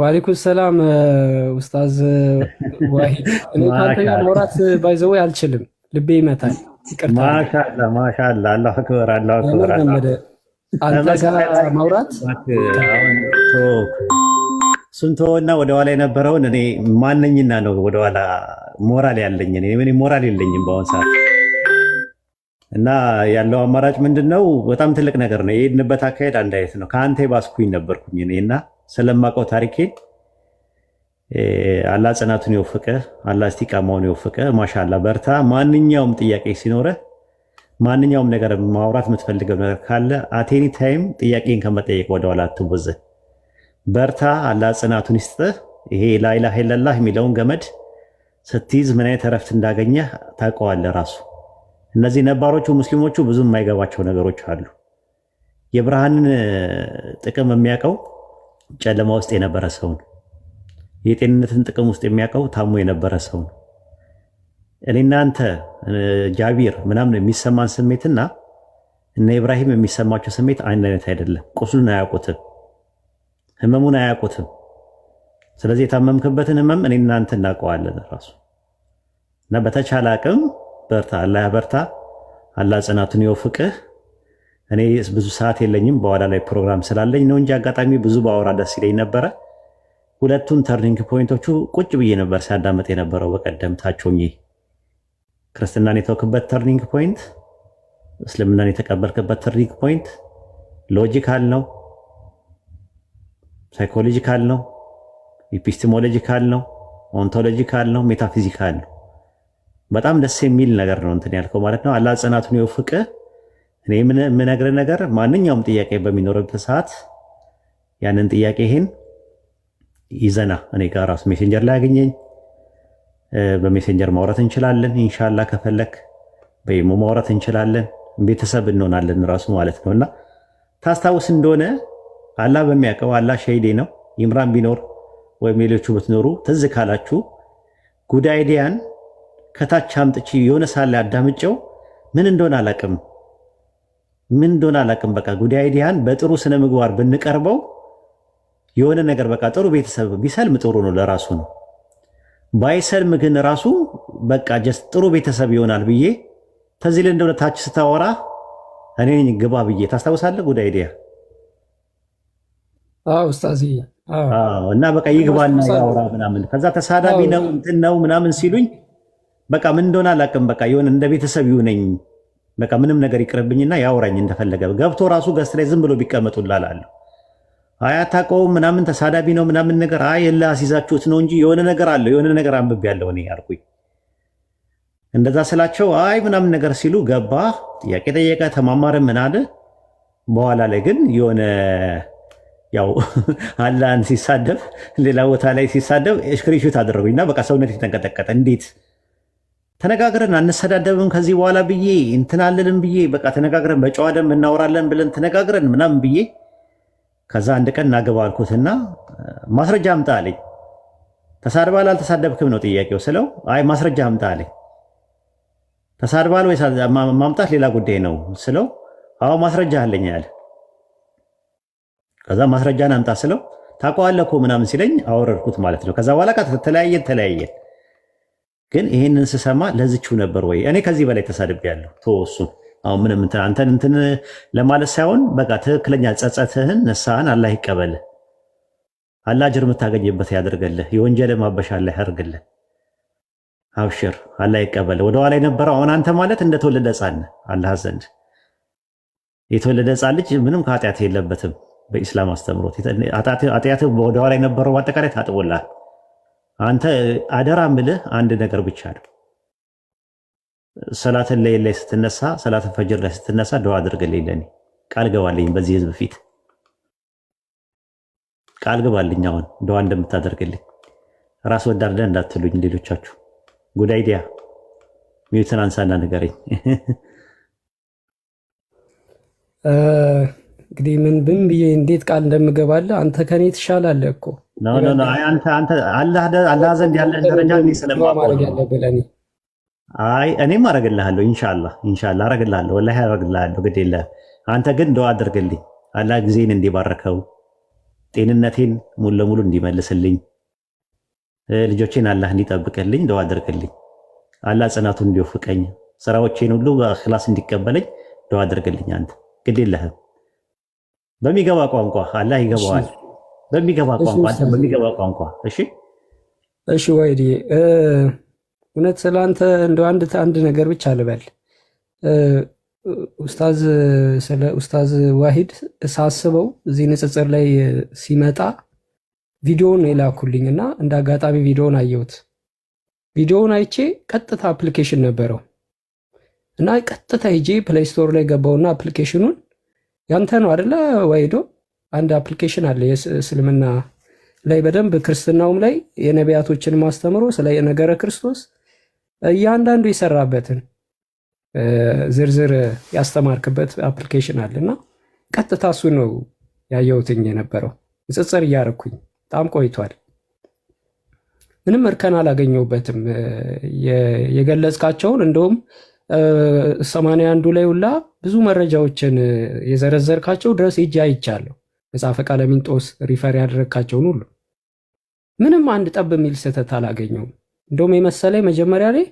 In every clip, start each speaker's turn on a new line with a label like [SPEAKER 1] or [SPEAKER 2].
[SPEAKER 1] ዋሊኩም ሰላም ኡስታዝ ዋሂድ። እኔ ጋር ማውራት አልችልም፣ ልቤ ይመታል።
[SPEAKER 2] ማሻላ ማሻላ፣ አላሁ አክበር አላሁ አክበር።
[SPEAKER 1] አንተ ጋር ማውራት
[SPEAKER 2] ስንቶና ወደኋላ የነበረውን እኔ ማነኝና ነው ወደኋላ ሞራል ያለኝ እኔ ሞራል የለኝም በአሁን ሰዓት እና ያለው አማራጭ ምንድን ነው? በጣም ትልቅ ነገር ነው። የሄድንበት አካሄድ አንድ አይነት ነው። ከአንተ ባስኩኝ ነበርኩኝ እኔ እና ስለማውቀው ታሪኬ አላህ ጽናቱን የወፈቀ አላህ እስቲቃማውን የወፈቀ ማሻላ በርታ። ማንኛውም ጥያቄ ሲኖረ ማንኛውም ነገር ማውራት የምትፈልገው ነገር ካለ አቴኒ ታይም ጥያቄን ከመጠየቅ ወደኋላ አትወዘ። በርታ። አላህ ጽናቱን ይስጥ። ይሄ ላኢላሃ ኢለላህ የሚለውን ገመድ ስትይዝ ምን አይነት እረፍት እንዳገኘ ታውቀዋለህ ራሱ። እነዚህ ነባሮቹ ሙስሊሞቹ ብዙም የማይገባቸው ነገሮች አሉ። የብርሃንን ጥቅም የሚያውቀው ጨለማ ውስጥ የነበረ ሰውን የጤንነትን ጥቅም ውስጥ የሚያውቀው ታሞ የነበረ ሰውን እኔና አንተ ጃቢር ምናምን የሚሰማን ስሜትና እነ ኢብራሂም የሚሰማቸው ስሜት አንድ አይነት አይደለም። ቁስሉን አያውቁትም፣ ህመሙን አያውቁትም። ስለዚህ የታመምክበትን ህመም እኔ እናንተ እናውቀዋለን ራሱ እና በተቻለ አቅም በርታ፣ አላህ በርታ፣ አላህ ጽናቱን ይወፍቅህ። እኔ ብዙ ሰዓት የለኝም፣ በኋላ ላይ ፕሮግራም ስላለኝ ነው እንጂ አጋጣሚ ብዙ በአወራ ደስ ይለኝ ነበረ። ሁለቱን ተርኒንግ ፖይንቶቹ ቁጭ ብዬ ነበር ሲያዳመጥ የነበረው በቀደም ታቾኝ ክርስትናን የተወክበት ተርኒንግ ፖይንት፣ እስልምናን የተቀበልክበት ተርኒንግ ፖይንት ሎጂካል ነው፣ ሳይኮሎጂካል ነው፣ ኢፒስቲሞሎጂካል ነው፣ ኦንቶሎጂካል ነው፣ ሜታፊዚካል ነው። በጣም ደስ የሚል ነገር ነው እንትን ያልከው ማለት ነው አላ ጽናቱን የወፍቅህ እኔ የምነግርህ ነገር ማንኛውም ጥያቄ በሚኖርበት ሰዓት ያንን ጥያቄ ይህን ይዘና እኔ ጋር ራሱ ሜሴንጀር ላይ ያገኘኝ በሜሴንጀር ማውራት እንችላለን። ኢንሻላ ከፈለክ በኢሞ ማውራት እንችላለን። ቤተሰብ እንሆናለን ራሱ ማለት ነው። እና ታስታውስ እንደሆነ አላህ በሚያውቀው አላህ ሸሂዴ ነው። ይምራን ቢኖር ወይም ሌሎቹ ብትኖሩ ትዝ ካላችሁ ጉድ ከታች አምጥቼ የሆነ ሳለ አዳምጨው ምን እንደሆነ አላቅም? ምን እንደሆነ አላውቅም። በቃ ጉዳይ ዲያን በጥሩ ስነ ምግባር ብንቀርበው የሆነ ነገር በቃ ጥሩ ቤተሰብ ቢሰልም ጥሩ ነው ለራሱ ነው። ባይሰልም ግን ራሱ በቃ ጀስት ጥሩ ቤተሰብ ይሆናል ብዬ ተዚህ ላይ እንደሆነ ታች ስታወራ እኔ ግባ ብዬ ታስታውሳለህ? ጉዳይ ዲያ ኡስታዚ እና በቃ ይግባና ያወራ ምናምን ከዛ ተሳዳቢ ነው እንትን ነው ምናምን ሲሉኝ በቃ ምን እንደሆነ አላውቅም። በቃ የሆነ እንደ ቤተሰብ ይሁነኝ በቃ ምንም ነገር ይቅርብኝና ያውራኝ እንደፈለገ ገብቶ ራሱ ገስ ላይ ዝም ብሎ ቢቀመጡ ላላለሁ አያታቀውም ምናምን ተሳዳቢ ነው ምናምን ነገር አይ የለ አስይዛችሁት ነው እንጂ የሆነ ነገር አለው የሆነ ነገር አንብብ ያለው እኔ ያልኩኝ እንደዛ ስላቸው አይ ምናምን ነገር ሲሉ ገባ፣ ጥያቄ ጠየቀ፣ ተማማረ፣ ምን አለ። በኋላ ላይ ግን የሆነ ያው አላህን ሲሳደብ ሌላ ቦታ ላይ ሲሳደብ ሽክሪሹት አደረጉኝና በቃ ሰውነት የተንቀጠቀጠ እንዴት ተነጋግረን አንሰዳደብም ከዚህ በኋላ ብዬ እንትናልንም ብዬ በቃ ተነጋግረን በጨዋ ደንብ እናወራለን ብለን ተነጋግረን ምናምን ብዬ ከዛ አንድ ቀን እናገባ አልኩትና ማስረጃ አምጣ አለኝ። ተሳድባል አልተሳደብክም ነው ጥያቄው ስለው አይ ማስረጃ አምጣ አለኝ። ተሳድባል ወይ ማምጣት ሌላ ጉዳይ ነው ስለው አዎ ማስረጃ አለኝ አለ። ከዛ ማስረጃን አምጣ ስለው ታውቀዋለህ እኮ ምናምን ሲለኝ አወረድኩት ማለት ነው። ከዛ በኋላ ተለያየን ተለያየን ግን ይህንን ስሰማ ለዝችው ነበር ወይ? እኔ ከዚህ በላይ ተሳድብ ተሳድቤያለሁ። ተወሱ አሁን ምንም አንተን እንትን ለማለት ሳይሆን በቃ ትክክለኛ ጸጸትህን ነሳህን አላህ ይቀበል አላህ ጅር የምታገኝበት ያደርገልህ የወንጀል ማበሻ አላህ ያደርግልህ። አብሽር አላህ ይቀበልህ። ወደኋላ የነበረው አሁን አንተ ማለት እንደተወለደ ሕፃን አላህ ዘንድ የተወለደ ሕፃን ልጅ ምንም ከኃጢአት የለበትም በኢስላም አስተምሮት። ኃጢአትህ ወደኋላ የነበረው አጠቃላይ ታጥቦላል። አንተ አደራ ምልህ አንድ ነገር ብቻ ነው። ሰላት ላይ ላይ ስትነሳ፣ ሰላተን ፈጅር ላይ ስትነሳ ደዋ አድርግልኝ፣ ለኔ ቃል ገባልኝ። በዚህ ህዝብ ፊት ቃል ገባልኝ። አሁን ደዋ እንደምታደርግልኝ ራስ ወዳድነህ እንዳትሉኝ ሌሎቻችሁ። ጉድ አይዲያ ሚዩትን አንሳና ንገረኝ።
[SPEAKER 1] እንግዲህ ምን ብን ብዬ እንዴት ቃል እንደምገባለ አንተ ከኔ ትሻላለህ እኮ
[SPEAKER 2] አላህ ዘንድ ያለህ ደረጃ አይ እኔም አረግልሃለሁ። ኢንሻላ ኢንሻላ አረግልሃለሁ፣ ወላሂ አረግልሃለሁ። ግድ የለ አንተ ግን ደዋ አድርግልኝ። አላህ ጊዜን እንዲባርከው፣ ጤንነቴን ሙሉ ለሙሉ እንዲመልስልኝ፣ ልጆቼን አላህ እንዲጠብቅልኝ ደዋ አድርግልኝ። አላህ ጽናቱን እንዲወፍቀኝ፣ ስራዎቼን ሁሉ በእኽላስ እንዲቀበለኝ ደዋ አድርግልኝ። አንተ ግድ የለህም፣ በሚገባ ቋንቋ አላህ ይገባዋል። በሚገባ ቋንቋ በሚገባ ቋንቋ። እሺ
[SPEAKER 1] እሺ። ወይዲ እውነት ስለአንተ እንደ አንድ አንድ ነገር ብቻ ልበል። ኡስታዝ ስለ ኡስታዝ ዋሂድ ሳስበው እዚህ ንጽጽር ላይ ሲመጣ ቪዲዮውን የላኩልኝ እና እንደ አጋጣሚ ቪዲዮውን አየሁት። ቪዲዮውን አይቼ ቀጥታ አፕሊኬሽን ነበረው እና ቀጥታ ሄጄ ፕሌይ ስቶር ላይ ገባውና አፕሊኬሽኑን ያንተ ነው አደለ ወይዶ አንድ አፕሊኬሽን አለ የእስልምና ላይ በደንብ ክርስትናውም ላይ የነቢያቶችን ማስተምሮ ስለ ነገረ ክርስቶስ እያንዳንዱ የሰራበትን ዝርዝር ያስተማርክበት አፕሊኬሽን እና ቀጥታ እሱ ነው ያየሁትኝ የነበረው ንጽጽር እያረኩኝ በጣም ቆይቷል። ምንም እርከን አላገኘሁበትም። የገለጽካቸውን እንደውም ሰማንያ አንዱ ላይ ሁላ ብዙ መረጃዎችን የዘረዘርካቸው ድረስ ሄጄ አይቻለሁ። መጽሐፈ ቀለሚንጦስ ሪፈር ያደረግካቸውን ሁሉ ምንም አንድ ጠብ የሚል ስህተት አላገኘውም። እንደውም የመሰለ መጀመሪያ ላይ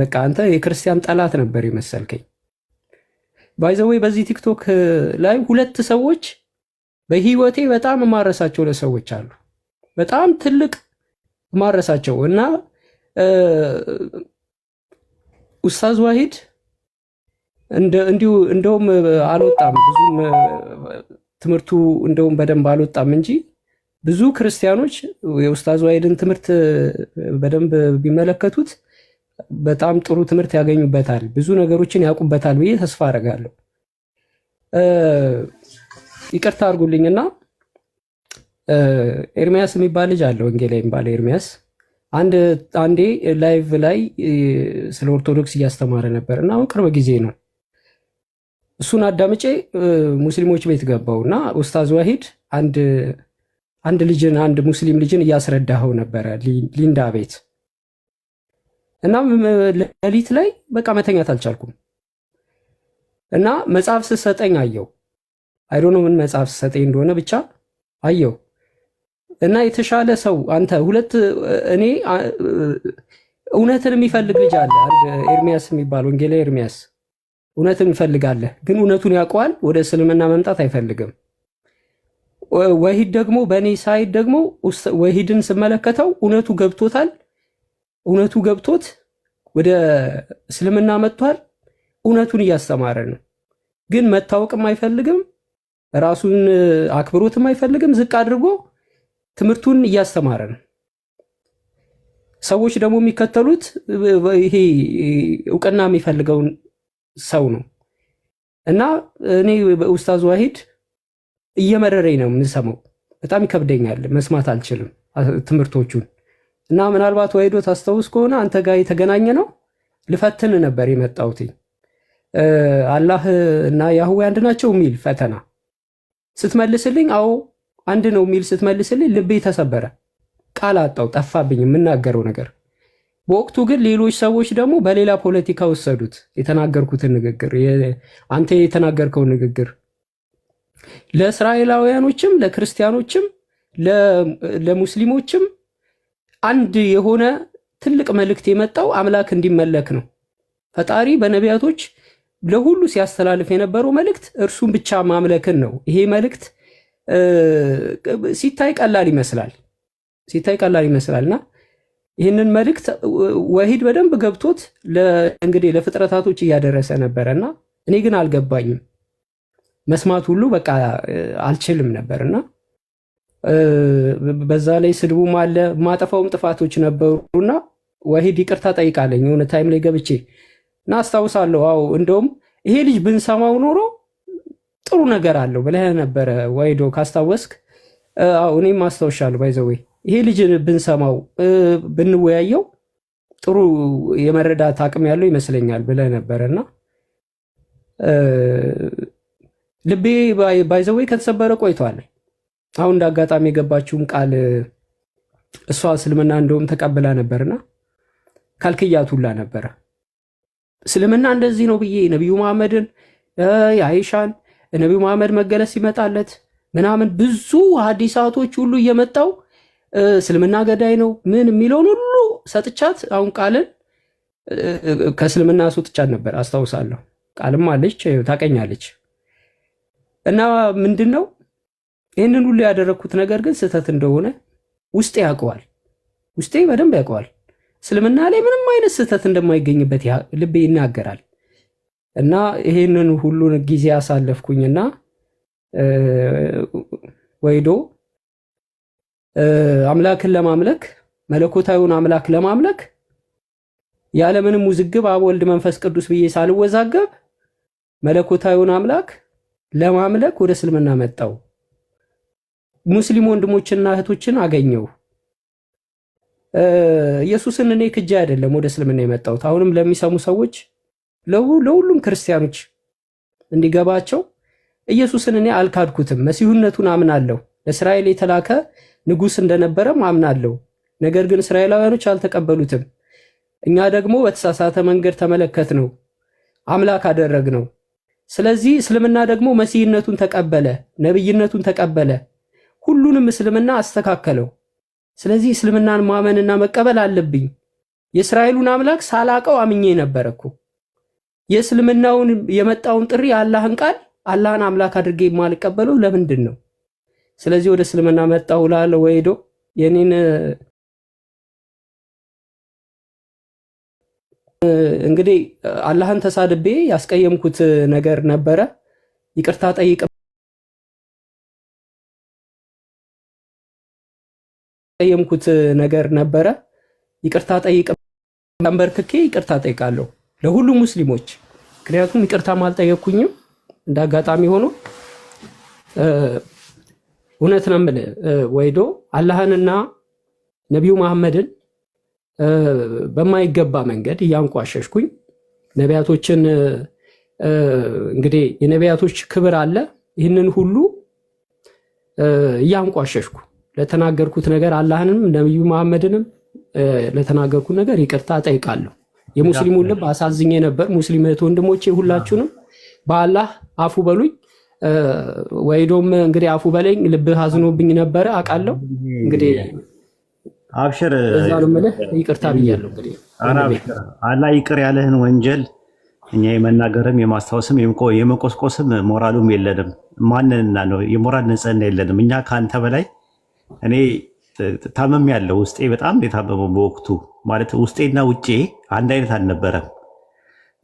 [SPEAKER 1] በቃ አንተ የክርስቲያን ጠላት ነበር የመሰልከኝ። ባይዘወይ በዚህ ቲክቶክ ላይ ሁለት ሰዎች በህይወቴ በጣም የማረሳቸው ለሰዎች አሉ። በጣም ትልቅ የማረሳቸው እና ኡስታዝ ዋሂድ እንዲሁ እንደውም አልወጣም ብዙም ትምህርቱ እንደውም በደንብ አልወጣም እንጂ ብዙ ክርስቲያኖች የኡስታዝ ዋሂድን ትምህርት በደንብ ቢመለከቱት በጣም ጥሩ ትምህርት ያገኙበታል፣ ብዙ ነገሮችን ያውቁበታል ብዬ ተስፋ አደርጋለሁ። ይቅርታ አድርጉልኝና ኤርሚያስ የሚባል ልጅ አለ፣ ላይ የሚባል ኤርሚያስ። አንድ አንዴ ላይቭ ላይ ስለ ኦርቶዶክስ እያስተማረ ነበር እና አሁን ቅርብ ጊዜ ነው እሱን አዳምጬ ሙስሊሞች ቤት ገባው እና ኡስታዝ ዋሂድ አንድ አንድ ልጅን አንድ ሙስሊም ልጅን እያስረዳኸው ነበረ ሊንዳ ቤት እና ሌሊት ላይ በቃ መተኛት አልቻልኩም እና መጽሐፍ ስሰጠኝ አየው። አይዶኖ ምን መጽሐፍ ስሰጠኝ እንደሆነ ብቻ አየው እና የተሻለ ሰው አንተ ሁለት እኔ እውነትን የሚፈልግ ልጅ አለ አንድ ኤርሚያስ የሚባል ወንጌላ ኤርሚያስ እውነትን ይፈልጋለህ፣ ግን እውነቱን ያውቀዋል። ወደ እስልምና መምጣት አይፈልግም። ወሂድ ደግሞ በእኔ ሳይድ ደግሞ ወሂድን ስመለከተው እውነቱ ገብቶታል። እውነቱ ገብቶት ወደ እስልምና መጥቷል። እውነቱን እያስተማረ ነው። ግን መታወቅም አይፈልግም። ራሱን አክብሮትም አይፈልግም። ዝቅ አድርጎ ትምህርቱን እያስተማረ ነው። ሰዎች ደግሞ የሚከተሉት ይሄ እውቅና የሚፈልገውን ሰው ነው እና እኔ ኡስታዝ ዋሂድ እየመረረኝ ነው የምንሰማው። በጣም ይከብደኛል፣ መስማት አልችልም ትምህርቶቹን እና ምናልባት ዋሂዶ ታስታውስ ከሆነ አንተ ጋር የተገናኘ ነው ልፈትን ነበር የመጣውትኝ አላህ እና ያህዌ አንድ ናቸው የሚል ፈተና ስትመልስልኝ፣ አዎ አንድ ነው የሚል ስትመልስልኝ ልቤ ተሰበረ። ቃል አጣው፣ ጠፋብኝ የምናገረው ነገር በወቅቱ ግን ሌሎች ሰዎች ደግሞ በሌላ ፖለቲካ ወሰዱት። የተናገርኩትን ንግግር አንተ የተናገርከውን ንግግር ለእስራኤላውያኖችም፣ ለክርስቲያኖችም፣ ለሙስሊሞችም አንድ የሆነ ትልቅ መልእክት የመጣው አምላክ እንዲመለክ ነው። ፈጣሪ በነቢያቶች ለሁሉ ሲያስተላልፍ የነበረው መልእክት እርሱን ብቻ ማምለክን ነው። ይሄ መልእክት ሲታይ ቀላል ይመስላል ሲታይ ቀላል ይመስላልና ይህንን መልእክት ወሂድ በደንብ ገብቶት እንግዲህ ለፍጥረታቶች እያደረሰ ነበረ እና እኔ ግን አልገባኝም። መስማት ሁሉ በቃ አልችልም ነበር እና በዛ ላይ ስድቡም አለ ማጠፋውም ጥፋቶች ነበሩና ወሂድ ይቅርታ ጠይቃለኝ የሆነ ታይም ላይ ገብቼ እና አስታውሳለሁ። አዎ እንደውም ይሄ ልጅ ብንሰማው ኖሮ ጥሩ ነገር አለው ብለህ ነበረ ወሒዶ ካስታወስክ። እኔም አስታውሻለሁ ባይዘወይ ይሄ ልጅ ብንሰማው ብንወያየው ጥሩ የመረዳት አቅም ያለው ይመስለኛል ብለህ ነበረ እና ልቤ ባይዘወይ ከተሰበረ ቆይቷል። አሁን እንደ አጋጣሚ የገባችውም ቃል እሷ እስልምና እንደውም ተቀብላ ነበርና ካልክያት ሁላ ነበረ። እስልምና እንደዚህ ነው ብዬ ነቢዩ መሐመድን የአይሻን ነቢዩ መሐመድ መገለስ ይመጣለት ምናምን ብዙ ሀዲሳቶች ሁሉ እየመጣው እስልምና ገዳይ ነው ምን የሚለውን ሁሉ ሰጥቻት፣ አሁን ቃልን ከእስልምና ስወጥቻት ነበር አስታውሳለሁ። ቃልም አለች ታቀኛለች። እና ምንድን ነው ይህንን ሁሉ ያደረግኩት ነገር ግን ስህተት እንደሆነ ውስጤ ያውቀዋል፣ ውስጤ በደንብ ያውቀዋል። እስልምና ላይ ምንም አይነት ስህተት እንደማይገኝበት ልቤ ይናገራል። እና ይህንን ሁሉን ጊዜ ያሳለፍኩኝና ወይዶ አምላክን ለማምለክ መለኮታዊውን አምላክ ለማምለክ ያለምንም ውዝግብ አብ፣ ወልድ፣ መንፈስ ቅዱስ ብዬ ሳልወዛገብ መለኮታዊውን አምላክ ለማምለክ ወደ እስልምና መጣው። ሙስሊም ወንድሞችና እህቶችን አገኘው። ኢየሱስን እኔ ክጄ አይደለም ወደ እስልምና የመጣሁት። አሁንም ለሚሰሙ ሰዎች ለሁሉም ክርስቲያኖች እንዲገባቸው ኢየሱስን እኔ አልካድኩትም። መሲሁነቱን አምናለሁ። ለእስራኤል የተላከ ንጉስ እንደነበረም አምናለሁ። ነገር ግን እስራኤላውያኖች አልተቀበሉትም። እኛ ደግሞ በተሳሳተ መንገድ ተመለከት ነው፣ አምላክ አደረግ ነው። ስለዚህ እስልምና ደግሞ መሲህነቱን ተቀበለ፣ ነብይነቱን ተቀበለ፣ ሁሉንም እስልምና አስተካከለው። ስለዚህ እስልምናን ማመንና መቀበል አለብኝ። የእስራኤሉን አምላክ ሳላቀው አምኜ ነበረኩ? እኮ የእስልምናውን የመጣውን ጥሪ አላህን ቃል አላህን አምላክ አድርጌ የማልቀበለው ለምንድን ነው? ስለዚህ ወደ እስልምና መጣሁ ላለው ወይ ሄዶ የኔን እንግዲህ አላህን ተሳድቤ ያስቀየምኩት ነገር ነበረ። ይቅርታ ጠይቅ ነገር ነበረ። ይቅርታ ጠይቅ አንበርክኬ ይቅርታ ጠይቃለሁ ለሁሉም ሙስሊሞች። ምክንያቱም ይቅርታም አልጠየኩኝም እንደ አጋጣሚ ሆኖ እውነት ነው የምልህ ወይዶ አላህንና ነቢዩ መሐመድን በማይገባ መንገድ እያንቋሸሽኩኝ ነቢያቶችን እንግዲህ የነቢያቶች ክብር አለ። ይህንን ሁሉ እያንቋሸሽኩ ለተናገርኩት ነገር አላህንም ነቢዩ መሐመድንም ለተናገርኩት ነገር ይቅርታ ጠይቃለሁ። የሙስሊሙን ልብ አሳዝኜ ነበር። ሙስሊም እህት ወንድሞቼ ሁላችሁንም በአላህ አፉ በሉኝ። ወይዶም እንግዲህ አፉ በለኝ ልብህ አዝኖብኝ ነበረ አውቃለሁ። እንግዲህ
[SPEAKER 2] አብሽር እዛ
[SPEAKER 1] ነው የምልህ። ይቅርታ ብያለሁ። እንግዲህ
[SPEAKER 2] አላህ ይቅር ያለህን ወንጀል እኛ የመናገርም የማስታወስም የመቆስቆስም ሞራሉም የለንም። ማንንና ነው የሞራል ንጽህና የለንም። እኛ ከአንተ በላይ እኔ ታመም ያለው ውስጤ በጣም የታመመው በወቅቱ ማለት ውስጤና ውጭ አንድ አይነት አልነበረም።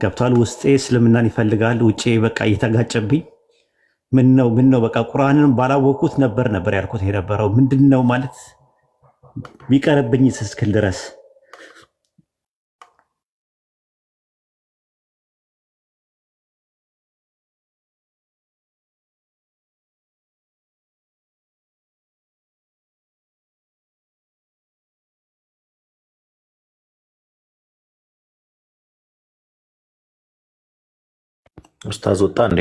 [SPEAKER 2] ገብቷል። ውስጤ እስልምናን ይፈልጋል፣ ውጭ በቃ እየተጋጨብኝ ምን ነው ምን ነው በቃ ቁርአንን ባላወቅኩት ነበር ነበር ያልኩት የነበረው ምንድን ነው ማለት ቢቀርብኝ እስክል ድረስ ኡስታዝ ወጣ እንዴ?